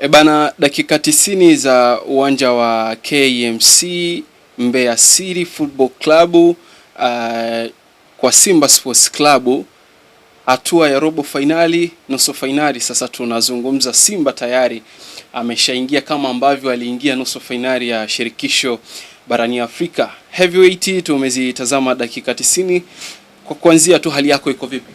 E bana, dakika tisini za uwanja wa KMC Mbeya City Football Club uh, kwa Simba Sports Club hatua ya robo fainali, nusu fainali. Sasa tunazungumza, Simba tayari ameshaingia kama ambavyo aliingia nusu fainali ya shirikisho barani Afrika. Heavyweight, tumezitazama dakika tisini. Kwa kuanzia tu, hali yako iko vipi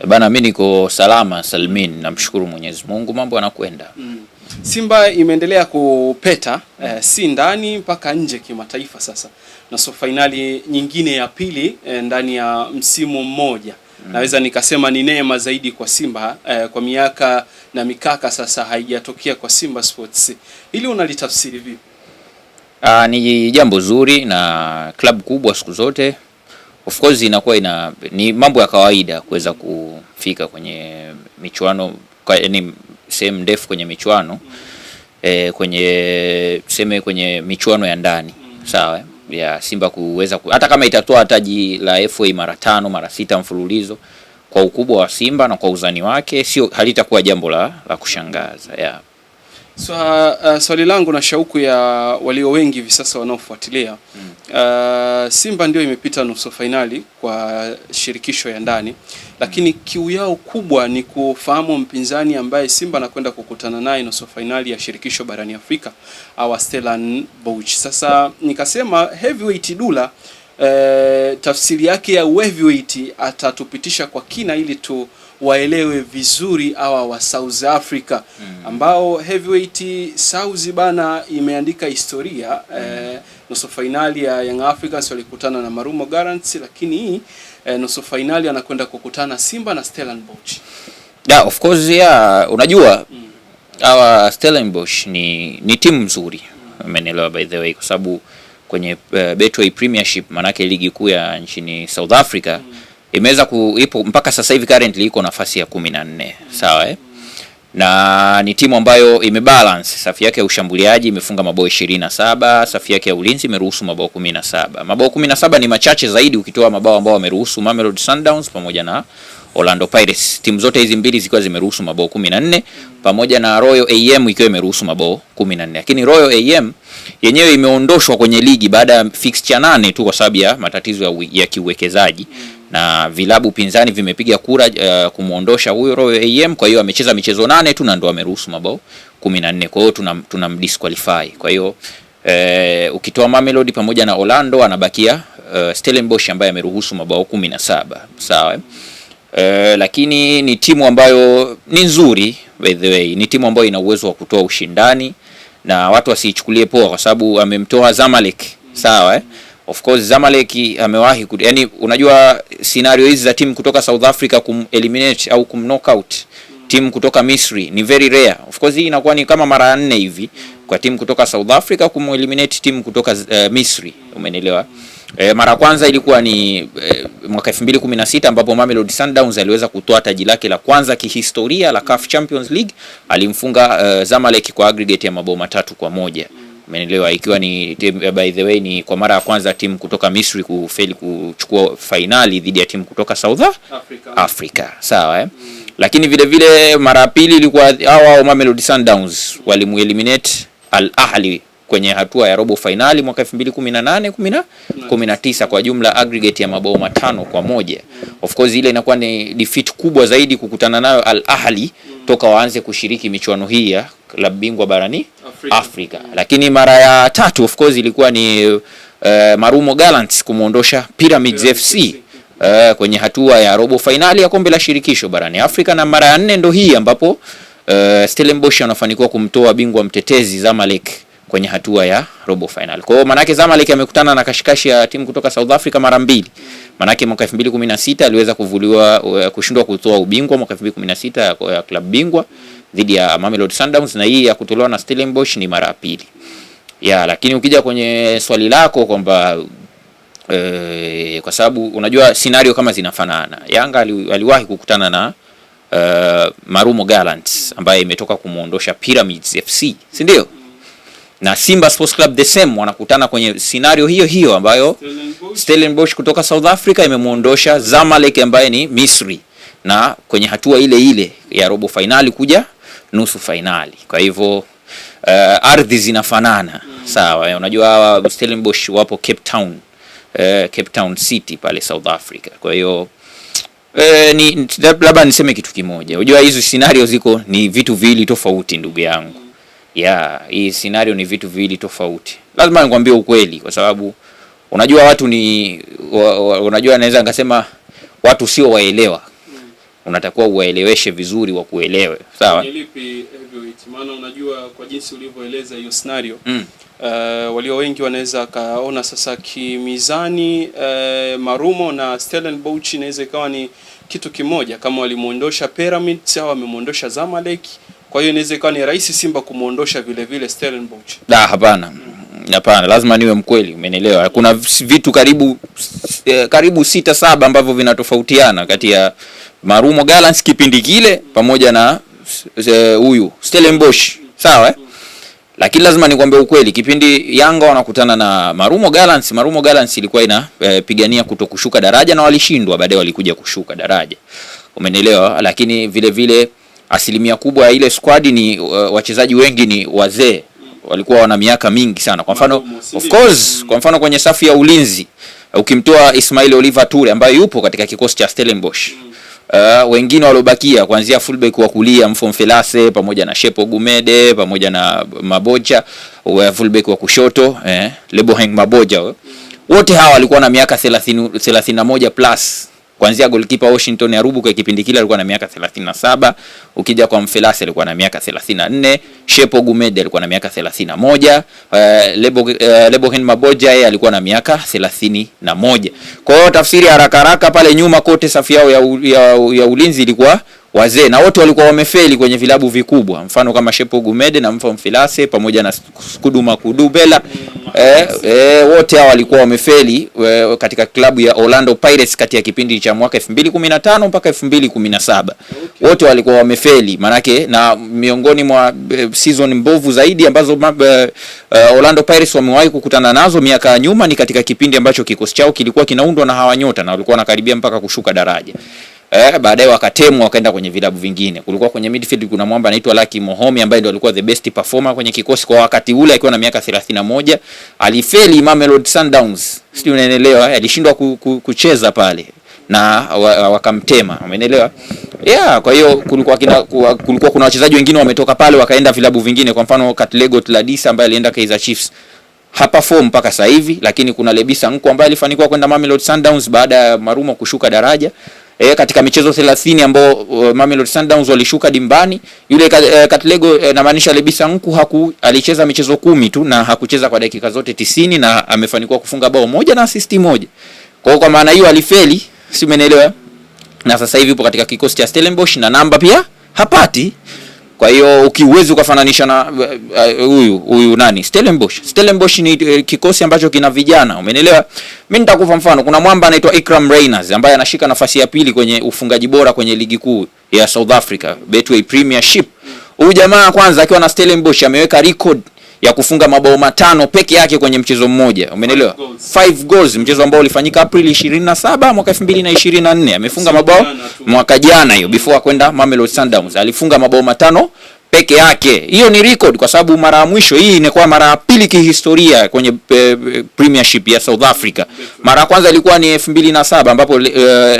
e bana? Mimi niko salama salmin, namshukuru Mwenyezi Mungu, mambo yanakwenda mm. Simba imeendelea kupeta eh, si ndani mpaka nje kimataifa sasa, na so fainali nyingine ya pili eh, ndani ya msimu mmoja mm. Naweza nikasema ni neema zaidi kwa Simba eh, kwa miaka na mikaka sasa haijatokea kwa Simba Sports. Hili unalitafsiri vipi? Ah, ni jambo zuri na klabu kubwa siku zote of course inakuwa ina ni mambo ya kawaida kuweza kufika kwenye michuano kwa, ni, sehemu ndefu kwenye michuano e, kwenye tuseme kwenye michuano ya ndani sawa ya Simba kuweza ku, hata kama itatoa taji la FA mara tano mara sita mfululizo kwa ukubwa wa Simba na kwa uzani wake sio halitakuwa jambo la, la kushangaza yeah. So, uh, swali langu na shauku ya walio wengi hivi sasa wanaofuatilia mm. uh, Simba ndio imepita nusu fainali kwa shirikisho ya ndani, lakini hmm. kiu yao kubwa ni kufahamu mpinzani ambaye Simba anakwenda kukutana naye nusu fainali ya shirikisho barani Afrika au Stellenbosch. Sasa nikasema Heavyweight Dula, uh, tafsiri yake ya heavyweight atatupitisha kwa kina ili tu waelewe vizuri hawa wa South Africa mm. ambao Heavyweight South bana imeandika historia mm. eh, nusu fainali ya Young Africans walikutana na Marumo Gallants, lakini hii eh, nusu fainali anakwenda kukutana Simba na Stellenbosch. Yeah, of course yeah, unajua hmm. hawa mm. Stellenbosch ni, ni timu nzuri -hmm. mm. by the way kwa sababu kwenye uh, Betway Premiership manake ligi kuu ya nchini South Africa mm imeweza kuipo mpaka sasa hivi currently iko nafasi ya 14 na nne sawa eh? na ni timu ambayo imebalance safu yake ya ushambuliaji imefunga mabao ishirini saba safu yake ya ulinzi imeruhusu mabao kumi saba mabao kumi saba ni machache zaidi ukitoa mabao ambao wameruhusu Mamelodi Sundowns pamoja na Orlando Pirates. Timu zote hizi mbili zikiwa zimeruhusu mabao kumi nne pamoja na Royal AM ikiwa imeruhusu mabao kumi nne lakini Royal AM yenyewe imeondoshwa kwenye ligi baada ya fixture nane tu kwa sababu ya matatizo ya, ya kiuwekezaji na vilabu pinzani vimepiga kura uh, eh, kumwondosha huyo Royal AM. Kwa hiyo amecheza michezo nane tu na ndo ameruhusu mabao 14, kwa hiyo tunam, tunam disqualify. Kwa hiyo uh, ukitoa Mamelodi pamoja na Orlando anabakia uh, Stellenbosch ambaye ameruhusu mabao 17, sawa uh, lakini ni timu ambayo ni nzuri, by the way, ni timu ambayo ina uwezo wa kutoa ushindani na watu wasiichukulie poa, kwa sababu amemtoa Zamalek, sawa eh? Of course Zamalek amewahi ku, yani unajua scenario hizi za timu kutoka South Africa kumeliminate au kum knockout timu kutoka Misri ni very rare. Of course hii inakuwa ni kama mara nne hivi kwa timu kutoka South Africa kumeliminate timu kutoka uh, Misri, umeelewa? E, mara kwanza ilikuwa ni e, mwaka 2016 ambapo Mamelodi Sundowns aliweza kutoa taji lake la kwanza kihistoria la CAF Champions League, alimfunga e, Zamalek kwa aggregate ya mabao matatu kwa moja menelewa Ikiwa ni eh, by the way ni kwa mara ya kwanza timu kutoka Misri kufeli kuchukua fainali dhidi ya timu kutoka South Africa, Africa. Sawa eh? Mm. Lakini vile vile mara ya pili ilikuwa hawa Mamelodi Sundowns walimueliminate Al Ahli kwenye hatua ya robo fainali mwaka 2018 19 kwa jumla aggregate ya mabao matano kwa moja. Of course ile inakuwa ni defeat kubwa zaidi kukutana nayo Al Ahli toka waanze kushiriki michuano hii ya klabu bingwa barani Afrika, Afrika. Lakini mara ya tatu of course ilikuwa ni uh, Marumo Gallants kumuondosha Pyramids FC uh, eh, kwenye hatua ya robo fainali ya kombe la shirikisho barani Afrika na mara ya nne ndo hii ambapo uh, Stellenbosch anafanikiwa kumtoa bingwa mtetezi Zamalek kwenye hatua ya robo final. Kwa hiyo manake Zamalek amekutana na kashikashi ya timu kutoka South Africa mara mbili. Manake mwaka 2016 aliweza kuvuliwa eh, kushindwa kutoa ubingwa mwaka 2016 ya klabu bingwa dhidi ya Mamelodi Sundowns na hii ya kutolewa na Stellenbosch ni mara pili. Ya, lakini ukija kwenye swali lako kwamba e, kwa sababu unajua scenario kama zinafanana. Yanga aliwahi kukutana na e, Marumo Gallants ambaye imetoka kumuondosha Pyramids FC, si ndio? na Simba Sports Club the same wanakutana kwenye scenario hiyo hiyo ambayo Stellenbosch, kutoka South Africa imemwondosha Zamalek ambaye ni Misri, na kwenye hatua ile ile ya robo fainali kuja nusu fainali. Kwa hivyo uh, ardhi zinafanana mm. Sawa, eh, unajua hawa Stellenbosch wapo Cape Town, uh, Cape Town City pale South Africa. Kwa hiyo uh, ni labda niseme kitu kimoja, unajua hizo scenario ziko ni vitu viwili tofauti, ndugu yangu yeah, hii scenario ni vitu viwili tofauti. Lazima nikwambie ukweli, kwa sababu unajua watu ni wa, wa, unajua naweza ngasema watu sio waelewa Unatakiwa uwaeleweshe vizuri kuelewe, sawa. Maana unajua kwa jinsi ulivyoeleza hiyo scenario mm. Uh, walio wengi wanaweza kaona sasa kimizani, uh, Marumo na Stellenbosch inaweza ikawa ni kitu kimoja, kama walimuondosha Pyramids au wamemuondosha Zamalek kwa hiyo inaweza ikawa ni rahisi Simba kumwondosha vile vile Stellenbosch. Da, hapana mm. hapana, lazima niwe mkweli, umenielewa. Kuna vitu karibu eh, karibu sita saba ambavyo vinatofautiana kati ya Marumo Gallants kipindi kile pamoja na eh, huyu Stellenbosch, sawa eh? Lakini lazima nikwambie ukweli, kipindi Yanga wanakutana na Marumo Gallants, Marumo Gallants ilikuwa inapigania eh, e, kutokushuka daraja na walishindwa, baadaye walikuja kushuka daraja, umenielewa. Lakini vile vile asilimia kubwa ya ile squad ni uh, wachezaji wengi ni wazee walikuwa wana miaka mingi sana. Kwa mfano of course, kwa mfano kwenye safu ya ulinzi ukimtoa Ismail Oliver Ture ambaye yupo katika kikosi cha Stellenbosch Uh, wengine waliobakia kuanzia fullback wa kulia Mfomfelase pamoja na Shepo Gumede pamoja na Maboja wa uh, fullback wa kushoto eh, Lebohang Maboja uh. wote hawa walikuwa na miaka 30 31 plus Kuanzia goalkeeper Washington rubu kwa kipindi kile alikuwa na miaka 37, ukija kwa Mfelasi alikuwa na miaka 34, Shepo gumed alikuwa na miaka 31, uh, eh, Lebo uh, Lebohen Maboja yeye alikuwa na miaka 31. Kwa hiyo tafsiri haraka haraka pale nyuma kote safu yao ya, ya, ya ulinzi ilikuwa wazee na wote walikuwa wamefeli kwenye vilabu vikubwa, mfano kama Shepo Gumede na Mfam Filase pamoja na Skuduma Kudubela eh, eh, wote hao walikuwa wamefeli eh, katika klabu ya Orlando Pirates kati ya kipindi cha mwaka 2015 mpaka 2017. Okay. Wote walikuwa wamefeli manake, na miongoni mwa eh, season mbovu zaidi ambazo eh, eh, Orlando Pirates wamewahi kukutana nazo miaka ya nyuma ni katika kipindi ambacho kikosi chao kilikuwa kinaundwa na hawanyota na walikuwa wanakaribia mpaka kushuka daraja eh, baadaye wakatemwa wakaenda kwenye vilabu vingine. Kulikuwa kwenye midfield kuna mwamba anaitwa Lucky Mohomi ambaye ndo alikuwa the best performer kwenye kikosi kwa wakati ule akiwa na miaka 31. Alifeli Mamelodi Sundowns. Sio, unaelewa? Eh, alishindwa ku, ku, kucheza pale na wakamtema. Umeelewa? Yeah, kwa hiyo kulikuwa kina, kulikuwa kuna wachezaji wengine wametoka pale wakaenda vilabu vingine, kwa mfano Katlego Tladisa ambaye alienda Kaizer Chiefs hapa form mpaka sasa hivi, lakini kuna Lebisa Nko ambaye alifanikiwa kwenda Mamelodi Sundowns baada ya Marumo kushuka daraja. E, katika michezo 30 ambao uh, Mamelodi Sundowns walishuka dimbani yule uh, Katlego uh, namaanisha Lebisa Nku haku alicheza michezo kumi tu na hakucheza kwa dakika zote tisini na amefanikiwa kufunga bao moja na asisti moja. Kwa kwa maana hiyo alifeli, si umeelewa? Na sasa hivi yupo katika kikosi cha Stellenbosch na namba pia hapati. Kwa hiyo ukiwezi ukafananisha na eh, eh, huyu uh, huyu nani Stellenbosch. Stellenbosch ni uh, kikosi ambacho kina vijana, umeelewa? Mimi nitakupa mfano, kuna mwamba anaitwa Ikram Rayners ambaye anashika nafasi ya pili kwenye ufungaji bora kwenye ligi kuu ya South Africa Betway Premiership. Huyu jamaa kwanza akiwa na Stellenbosch ameweka record ya kufunga mabao matano peke yake kwenye mchezo mmoja, umeelewa? 5 goals, mchezo ambao ulifanyika Aprili 27 mwaka 2024. Amefunga mabao mwaka jana hiyo, before kwenda Mamelodi Sundowns alifunga mabao matano peke yake. Hiyo ni record kwa sababu mara ya mwisho hii inakuwa mara ya pili kihistoria kwenye e, Premiership ya South Africa. Mara ya kwanza ilikuwa ni 2007 ambapo e,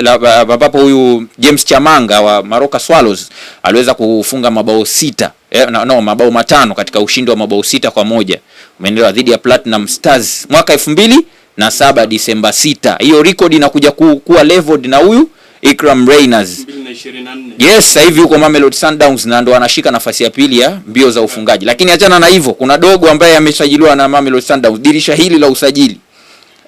ambapo huyu James Chamanga wa Maroka Swallows aliweza kufunga mabao sita e, no, no, mabao matano katika ushindi wa mabao sita kwa moja umeendelea dhidi ya Platinum Stars mwaka 2007 Disemba 6. Hiyo record inakuja ku, kuwa leveled na huyu Ikram Reyners. Yes, sasa hivi yuko Mamelodi Sundowns na ndo anashika nafasi ya pili ya mbio za ufungaji. Lakini achana na hivyo, kuna dogo ambaye amesajiliwa na Mamelodi Sundowns dirisha hili la usajili.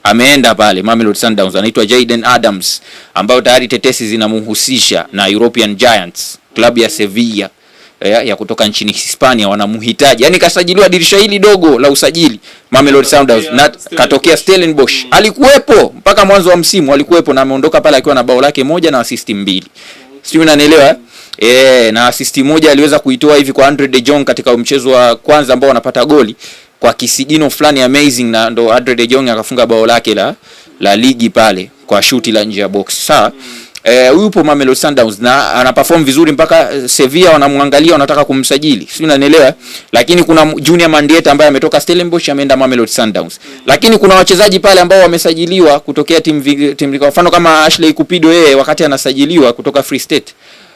Ameenda pale Mamelodi Sundowns anaitwa Jayden Adams ambayo tayari tetesi zinamhusisha na European Giants, klabu ya Sevilla ya, ya kutoka nchini Hispania wanamhitaji. Yaani kasajiliwa dirisha hili dogo la usajili Mamelodi Sundowns na katokea Stellenbosch. Mm. Alikuwepo mpaka mwanzo wa msimu alikuwepo na ameondoka pale akiwa na bao lake moja na assist mbili. Sijui unanielewa? Mm. Eh, na assist moja aliweza kuitoa hivi kwa Andre De Jong katika mchezo wa kwanza ambao wanapata goli kwa kisigino fulani amazing, na ndo Andre De Jong akafunga bao lake la la ligi pale kwa shuti la nje ya box. Sasa mm eh, yupo Mamelodi Sundowns na ana perform vizuri mpaka eh, Sevilla wanamwangalia wanataka kumsajili, si unanielewa? Eh? Lakini kuna Junior Mandieta ambaye ametoka Stellenbosch ameenda Mamelodi Sundowns, lakini kuna wachezaji pale ambao wamesajiliwa kutokea timu timu, kwa mfano kama Ashley Kupido, yeye wakati anasajiliwa kutoka Free State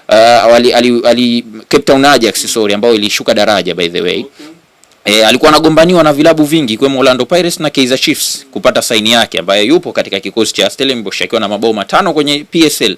uh, eh, ali, ali, ali Cape Town Ajax sorry, ambao ilishuka daraja by the way E, alikuwa anagombaniwa na vilabu vingi ikiwemo Orlando Pirates na Kaizer Chiefs kupata saini yake, ambaye yupo katika kikosi cha Stellenbosch akiwa na mabao matano kwenye PSL.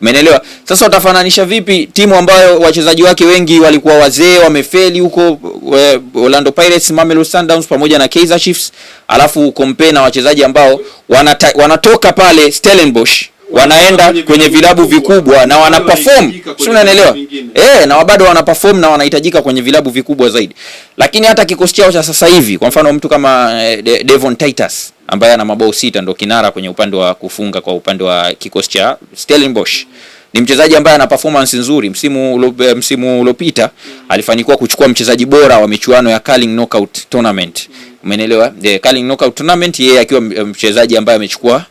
Umeelewa? Sasa utafananisha vipi timu ambayo wachezaji wake wengi walikuwa wazee wamefeli huko e, Orlando Pirates, Mamelodi Sundowns pamoja na Kaizer Chiefs, alafu compare na wachezaji ambao wanata, wanatoka pale Stellenbosch wanaenda kwenye vilabu vikubwa na wana perform, si unanielewa eh? Na bado wana perform na wanahitajika kwenye vilabu vikubwa zaidi, lakini hata kikosi chao cha sasa hivi, kwa mfano mtu kama eh, De Devon Titus ambaye ana mabao sita, ndo kinara kwenye upande wa kufunga kwa upande wa kikosi cha Stellenbosch ni mchezaji ambaye ana performance nzuri msimu ulo, eh, msimu uliopita alifanikiwa kuchukua mchezaji bora wa michuano ya Carling Knockout Tournament, umeelewa? The eh, Carling Knockout Tournament, yeye akiwa mchezaji ambaye amechukua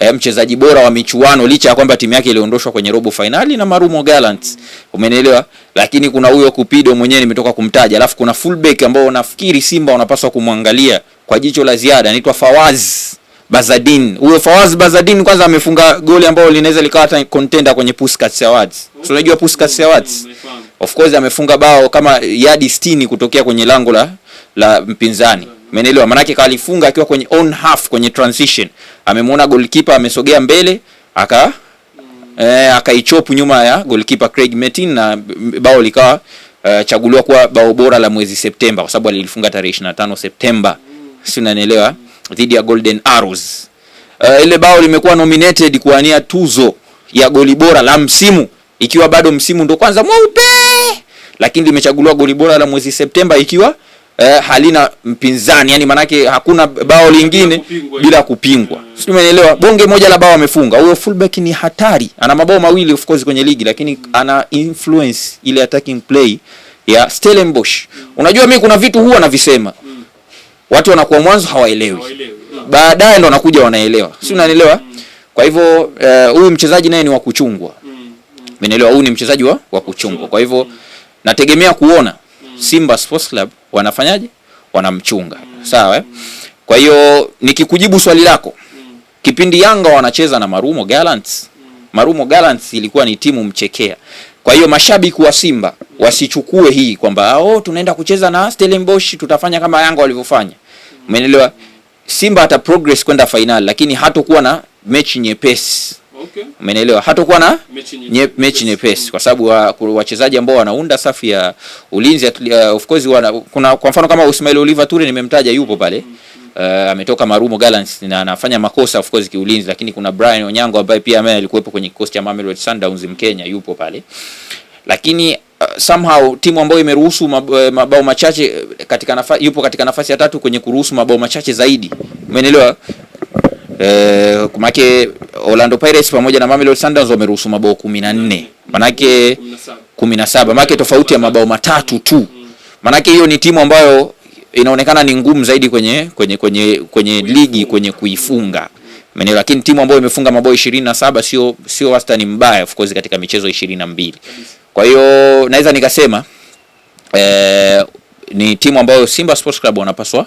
e, mchezaji bora wa michuano licha ya kwamba timu yake iliondoshwa kwenye robo finali na Marumo Gallants, Umeelewa? Lakini kuna huyo Kupido mwenyewe nimetoka kumtaja, alafu kuna fullback ambao nafikiri Simba wanapaswa kumwangalia kwa jicho la ziada, anaitwa Fawaz Bazadin. Huyo Fawaz Bazadin kwanza amefunga goli ambalo linaweza likawa contender kwenye Puskas Awards. So, unajua Puskas Awards? Of course amefunga bao kama yadi 60 kutokea kwenye lango la la mpinzani. Umeelewa? manake kalifunga akiwa kwenye on half, kwenye transition, amemwona goalkeeper amesogea mbele aka mm. eh, akaichopu nyuma ya goalkeeper Craig Metin na bao likawa uh, chaguliwa kuwa bao bora la mwezi Septemba kwa sababu alilifunga tarehe 25 Septemba, mm. si unanielewa, dhidi ya Golden Arrows. Uh, ile bao limekuwa nominated kuania tuzo ya goli bora la msimu ikiwa bado msimu ndo kwanza mweupe, lakini limechaguliwa goli bora la mwezi Septemba ikiwa eh, halina mpinzani, yani maanake hakuna bao lingine kupingwa, bila kupingwa yeah. Sio, umeelewa? Bonge moja la bao amefunga huyo fullback, ni hatari. Ana mabao mawili of course kwenye ligi, lakini ana influence ile attacking play ya Stellenbosch. Unajua, mimi kuna vitu huwa navisema mm. watu wanakuwa mwanzo hawaelewi, baadaye ndo wanakuja wanaelewa, Sio, unanielewa? Kwa hivyo eh, huyu uh, mchezaji naye ni wa kuchungwa, umeelewa? Huyu ni mchezaji wa wa kuchungwa, kwa hivyo nategemea kuona Simba Sports Club wanafanyaje? Wanamchunga. Sawa eh? Kwa hiyo nikikujibu swali lako, kipindi Yanga wanacheza na Marumo Gallants, Marumo Gallants ilikuwa ni timu mchekea. Kwa hiyo mashabiki wa Simba wasichukue hii kwamba ah, oh, tunaenda kucheza na Stellenbosch tutafanya kama Yanga walivyofanya. Umeelewa? Simba ata progress kwenda final lakini hatokuwa na mechi nyepesi Okay. Umeelewa? Hatakuwa na mechi nyepesi kwa sababu wa, ah, wachezaji ambao wanaunda safu ya ulinzi uh, of course wana, kuna kwa mfano kama Ismail Oliver Ture nimemtaja yupo pale. Uh, ametoka Marumo Gallants na anafanya makosa of course kiulinzi, lakini kuna Brian Onyango ambaye pia ame alikuwepo kwenye kikosi cha Mamelodi Sundowns Mkenya yupo pale. Lakini uh, somehow timu ambayo imeruhusu eh, mabao machache eh, katika nafasi, yupo katika nafasi ya tatu kwenye kuruhusu mabao machache zaidi. Umeelewa? eh, kumake Orlando Pirates pamoja na Mamelodi Sundowns wameruhusu mabao 14. Manake 17. Manake tofauti ya mabao matatu tu. Manake hiyo ni timu ambayo inaonekana ni ngumu zaidi kwenye kwenye kwenye kwenye ligi kwenye kuifunga. Mene, lakini timu ambayo imefunga mabao 27 sio sio wastani mbaya of course katika michezo 22. Kwa hiyo naweza nikasema eh, ni timu ambayo Simba Sports Club wanapaswa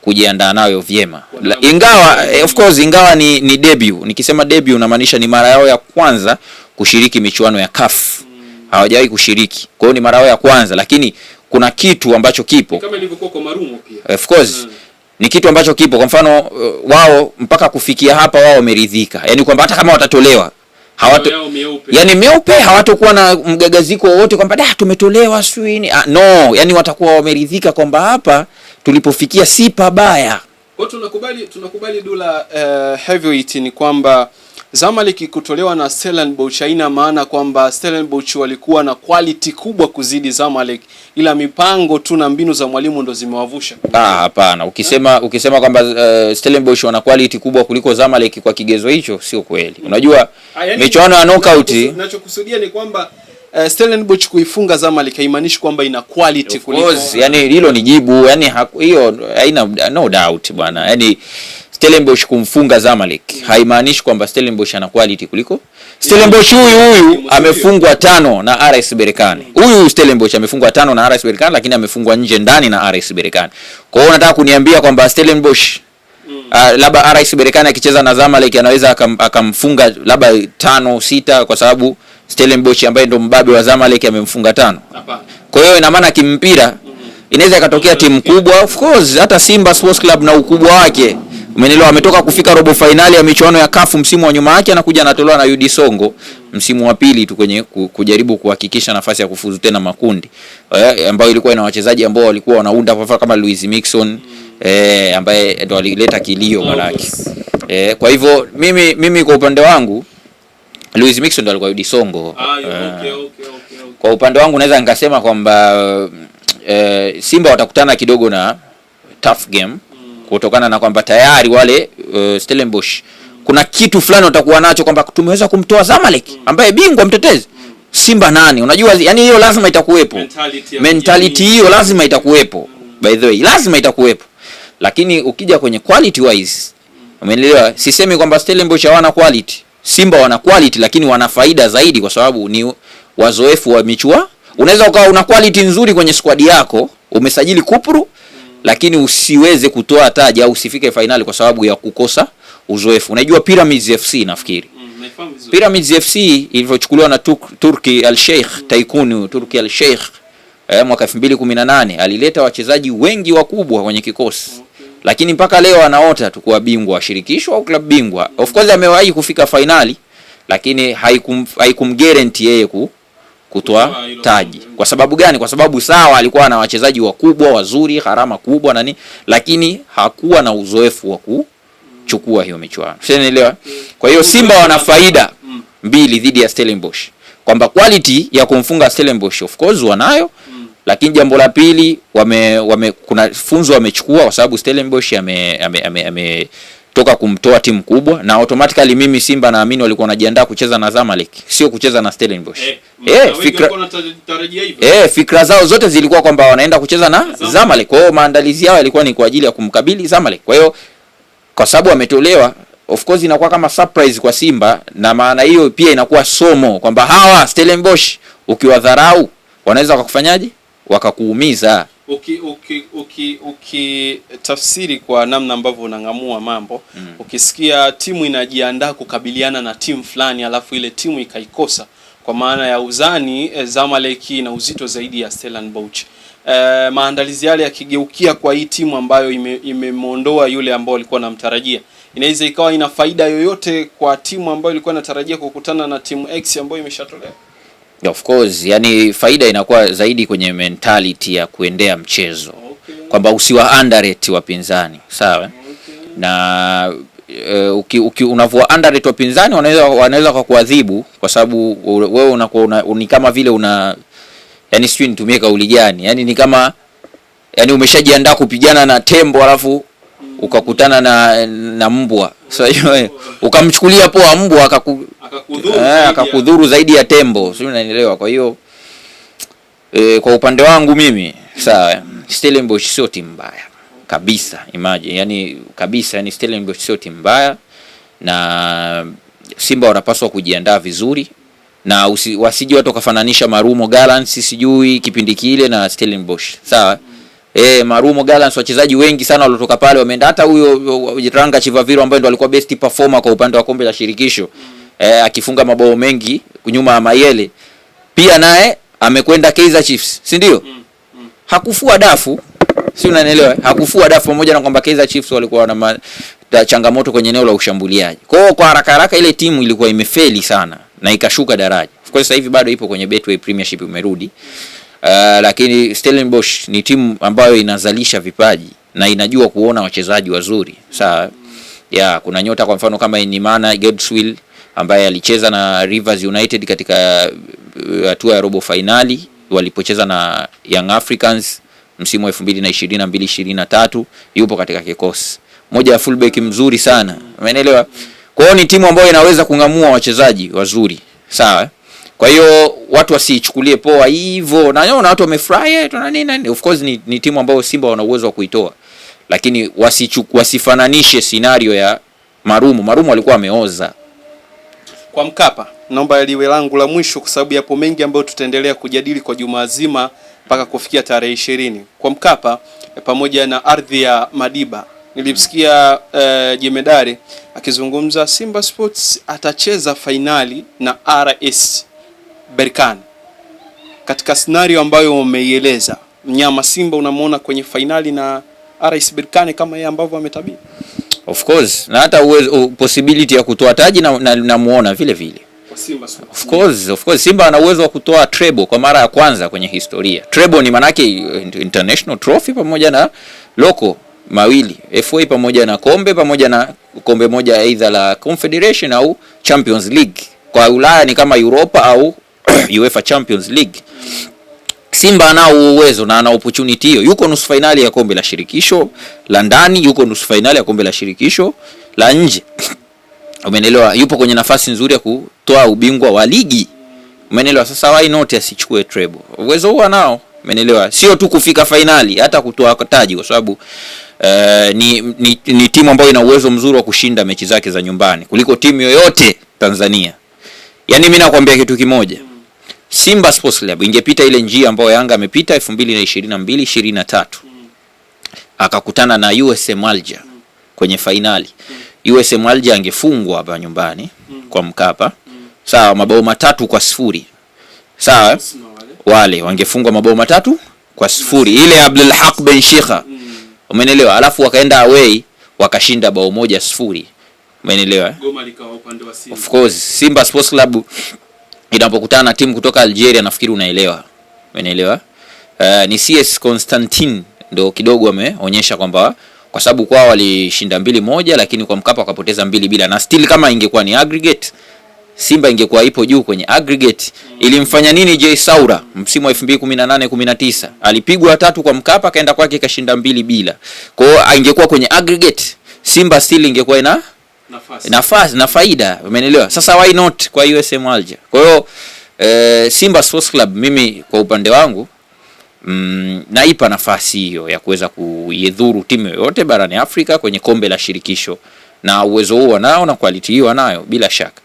kujiandaa nayo vyema ingawa eh, of course ingawa ni, ni debut. Nikisema debut unamaanisha ni mara yao ya kwanza kushiriki michuano ya CAF hmm. hawajawahi kushiriki, kwa hiyo ni mara yao ya kwanza, lakini kuna kitu ambacho kipo kama ilivyokuwa pia, of course mm. Ni kitu ambacho kipo. Kwa mfano uh, wao mpaka kufikia hapa wao wameridhika, yaani kwamba hata kama watatolewa hawato yaani meupe hawatakuwa na mgagaziko wowote kwamba da tumetolewa swini ah, no, yaani watakuwa wameridhika kwamba hapa tulipofikia si pabaya. Kwa tunakubali, tunakubali Dula. Uh, eh, Heavyweight ni kwamba Zamalek kutolewa na Stellenbosch haina maana kwamba Stellenbosch walikuwa na quality kubwa kuzidi Zamalek, ila mipango tu na mbinu za mwalimu ndo zimewavusha. Ah, hapana, ukisema ha? ukisema kwamba uh, Stellenbosch wana quality kubwa kuliko Zamalek kwa kigezo hicho sio kweli. Unajua ah, michuano ya knockout, ninachokusudia ni kwamba Uh, Stellenbosch kuifunga Zamalek haimaanishi kwamba ina quality kuliko. Yani hilo ni jibu, yani hiyo haina no doubt bwana. Yani Stellenbosch kumfunga Zamalek mm. haimaanishi kwamba Stellenbosch ana quality kuliko. Stellenbosch huyu huyu amefungwa tano na RS Berkane. Hmm. Huyu mm. Stellenbosch amefungwa tano na RS Berkane lakini amefungwa nje ndani na RS Berkane. Kwa hiyo unataka kuniambia kwamba Stellenbosch Mm. Uh, labda RS Berkane akicheza na Zamalek anaweza akamfunga labda tano sita kwa sababu Stellenbosch ambaye ndo mbabe wa Zamalek amemfunga tano. Hapana. Kwa hiyo ina maana kimpira mhm. inaweza ikatokea timu kubwa, of course hata Simba Sports Club na ukubwa wake umenielewa, ametoka kufika robo finali ya michuano ya kafu msimu wa nyuma yake, anakuja anatolewa na UD Songo msimu wa pili tu kwenye kujaribu kuhakikisha nafasi ya kufuzu tena makundi eh, ambayo ilikuwa ina wachezaji ambao walikuwa wanaunda kwa kama Luis Mixon eh, ambaye ndo alileta kilio manake eh, kwa hivyo mimi mimi kwa upande wangu Louis Mixon ndo alikuwa yudi Ah, eh. okay, okay, okay, okay. Kwa upande wangu naweza nikasema kwamba e, Simba watakutana kidogo na tough game mm. kutokana na kwamba tayari wale uh, Stellenbosch mm. kuna kitu fulani watakuwa nacho kwamba tumeweza kumtoa Zamalek mm. ambaye bingwa mtetezi mm. Simba nani, unajua yani hiyo lazima itakuwepo, mentality hiyo lazima itakuwepo mm. by the way lazima itakuwepo, lakini ukija kwenye quality wise, mm. umeelewa? Sisemi kwamba Stellenbosch hawana quality Simba wana quality lakini wana faida zaidi, kwa sababu ni wazoefu wa michua. Unaweza ukawa una quality nzuri kwenye squad yako, umesajili kupru, lakini usiweze kutoa taji au usifike fainali kwa sababu ya kukosa uzoefu. Unajua Pyramids FC nafikiri mm, Pyramids FC ilivyochukuliwa na Turki Al Sheikh mm, Tycoon Turki Al Sheikh eh, mwaka 2018 alileta wachezaji wengi wakubwa kwenye kikosi mm lakini mpaka leo anaota tu kuwa bingwa wa shirikisho au klabu bingwa. Of course amewahi kufika fainali, lakini haikum haikumguarantee yeye ku kutoa taji. Kwa sababu gani? Kwa sababu sawa, alikuwa na wachezaji wakubwa wazuri, gharama kubwa nani, lakini hakuwa na uzoefu wa kuchukua hiyo michuano. sielewa. Kwa hiyo Simba wana faida mm. mbili dhidi ya Stellenbosch, kwamba quality ya kumfunga Stellenbosch of course wanayo mm. Lakini jambo la pili wame, wame, kuna funzo wamechukua kwa sababu Stellenbosch ame, ame, ame, ame toka kumtoa timu kubwa na automatically mimi Simba naamini walikuwa wanajiandaa kucheza na Zamalek, sio kucheza na Stellenbosch. Eh, eh, fikra, eh, fikra zao zote zilikuwa kwamba wanaenda kucheza na Zamalek. Kwa hiyo maandalizi yao yalikuwa ni kwa ajili ya kumkabili Zamalek. Kwa hiyo kwa sababu ametolewa of course inakuwa kama surprise kwa Simba, na maana hiyo pia inakuwa somo kwamba hawa Stellenbosch ukiwadharau wanaweza wakakufanyaje? wakakuumiza. Ukitafsiri uki, uki, uki kwa namna ambavyo unang'amua mambo mm. Ukisikia timu inajiandaa kukabiliana na timu fulani alafu ile timu ikaikosa kwa maana ya uzani, eh, Zamalek ina uzito zaidi ya Stellenbosch. E, maandalizi yale yakigeukia kwa hii timu ambayo imemwondoa ime yule ambao alikuwa anamtarajia, inaweza ikawa ina faida yoyote kwa timu ambayo ilikuwa inatarajia kukutana na timu X ambayo imeshatolewa. Of course, yani faida inakuwa zaidi kwenye mentality ya kuendea mchezo okay. Kwamba usiwa underrate wapinzani sawa okay. Na uh, uki, uki, unavua underrate wapinzani wanaweza wanaweza kwa kuadhibu kwa sababu wewe unakuwa una, ni kama vile una yani sijui nitumie kauli gani yani ni kama yani umeshajiandaa kupigana na tembo alafu ukakutana na, na mbwa so, ukamchukulia poa mbwa akakudhuru eh, akakudhuru zaidi ya tembo, sio? Unanielewa? Kwa hiyo e, kwa upande wangu mimi sawa, Stellenbosch sio timu mbaya kabisa, imagine yani kabisa, yani Stellenbosch sio timu mbaya, na Simba wanapaswa kujiandaa vizuri na wasiji watu wakafananisha Marumo Gallants sijui kipindi kile na Stellenbosch sawa eh, Marumo Gallants, wachezaji wengi sana waliotoka pale wameenda. Hata huyo Ranga Chivaviro ambaye ndo alikuwa best performer kwa upande wa kombe la shirikisho mm. eh, akifunga mabao mengi kunyuma ya Mayele, pia naye amekwenda Kaizer Chiefs, si ndio? mm. mm. Hakufua dafu, si unanielewa? Hakufua dafu, pamoja na kwamba Kaizer Chiefs walikuwa na changamoto kwenye eneo la ushambuliaji. Kwa hiyo kwa haraka haraka ile timu ilikuwa imefeli sana na ikashuka daraja. Of course sasa hivi bado ipo kwenye Betway Premiership imerudi. Uh, lakini Stellenbosch ni timu ambayo inazalisha vipaji na inajua kuona wachezaji wazuri. Sawa. Ya, kuna nyota kwa mfano kama Inimana Gedswill ambaye alicheza na Rivers United katika eh, hatua ya robo fainali walipocheza na Young Africans msimu wa 2022 2023, yupo katika kikosi. Moja ya fullback mzuri sana. Umeelewa? Kwa hiyo ni timu ambayo inaweza kung'amua wachezaji wazuri. Sawa. Kwa hiyo watu wasiichukulie poa hivyo, naona watu wamefurahi nini Of course ni, ni timu ambayo Simba wana uwezo wa kuitoa, lakini wasichu, wasifananishe scenario ya Marumu. Marumu alikuwa ameoza kwa Mkapa. Naomba liwe langu la mwisho, kwa sababu yapo mengi ambayo tutaendelea kujadili kwa juma zima mpaka kufikia tarehe ishirini kwa Mkapa pamoja na ardhi ya Madiba. Nilimsikia uh, Jemedari akizungumza Simba Sports atacheza fainali na RS Berkane katika scenario ambayo umeieleza, mnyama Simba unamwona kwenye fainali na RS Berkane kama yeye ambavyo ametabiri? Of course na hata uwezo possibility ya kutoa taji namuona na, na vile vile Simba, Simba. Of course, of course Simba ana uwezo wa kutoa treble kwa mara ya kwanza kwenye historia. Treble ni manake international trophy pamoja na loko mawili FA pamoja na kombe pamoja na kombe moja aidha la Confederation au Champions League. Kwa Ulaya ni kama Europa au UEFA Champions League. Simba anao uwezo na ana opportunity hiyo. Yuko nusu fainali ya kombe la shirikisho la ndani, yuko nusu fainali ya kombe la shirikisho la nje. Umeelewa? Yupo kwenye nafasi nzuri ya kutoa ubingwa wa ligi. Umeelewa? Sasa why not asichukue treble? Uwezo huo anao. Umeelewa? Sio tu kufika fainali, hata kutoa taji kwa sababu Uh, ni, ni, ni timu ambayo ina uwezo mzuri wa kushinda mechi zake za nyumbani kuliko timu yoyote Tanzania. Yaani mimi nakwambia kitu kimoja. Simba Sports Club ingepita ile njia ambayo Yanga amepita 2022 23, akakutana na USM Alger kwenye fainali. USM Alger angefungwa hapa nyumbani kwa Mkapa, sawa, mabao matatu kwa sifuri, sawa. Wale wangefungwa mabao matatu kwa sifuri, ile Abdul Haq Ben mm. umeelewa? Alafu wakaenda away wakashinda bao moja sifuri, umeelewa? Goma likawa upande wa Simba. Of course Simba Sports Club inapokutana na timu kutoka Algeria, nafikiri unaelewa, unaelewa. Uh, ni CS Constantine ndo kidogo ameonyesha kwamba kwa sababu kwao walishinda mbili moja, lakini kwa Mkapa wakapoteza mbili bila, na still kama ingekuwa ni aggregate Simba ingekuwa ipo juu kwenye aggregate. Ilimfanya nini Jay Saura msimu wa 2018 19? Alipigwa tatu kwa Mkapa, kaenda kwake kashinda mbili bila. Kwa hiyo ingekuwa kwenye aggregate Simba still ingekuwa ina nafasi nafasi na faida, umeelewa? Sasa why not kwa USM Alger? Kwa hiyo e, Simba Sports Club mimi kwa upande wangu mm, naipa nafasi hiyo ya kuweza kuidhuru timu yoyote barani Afrika kwenye kombe la shirikisho, na uwezo huo wanao na quality hiyo wanayo bila shaka.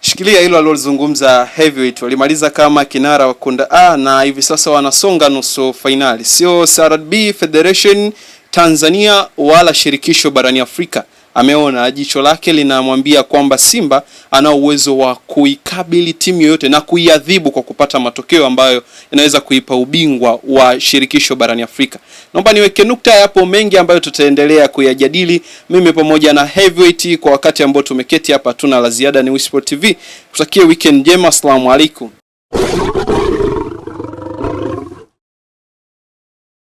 Shikilia hilo alilozungumza Heavyweight, walimaliza kama kinara wa kunda A na hivi sasa wanasonga nusu fainali, sio srb Federation Tanzania wala shirikisho barani Afrika ameona, jicho lake linamwambia kwamba Simba ana uwezo wa kuikabili timu yoyote na kuiadhibu kwa kupata matokeo ambayo yanaweza kuipa ubingwa wa shirikisho barani Afrika. Naomba niweke nukta, yapo mengi ambayo tutaendelea kuyajadili mimi pamoja na Heavyweight kwa wakati ambao tumeketi hapa. Tuna la ziada, ni Wisport TV, kutakie weekend njema, asalamu alaikum.